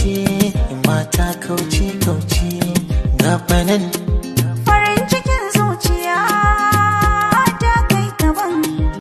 kauce mata kauce kauce gabanin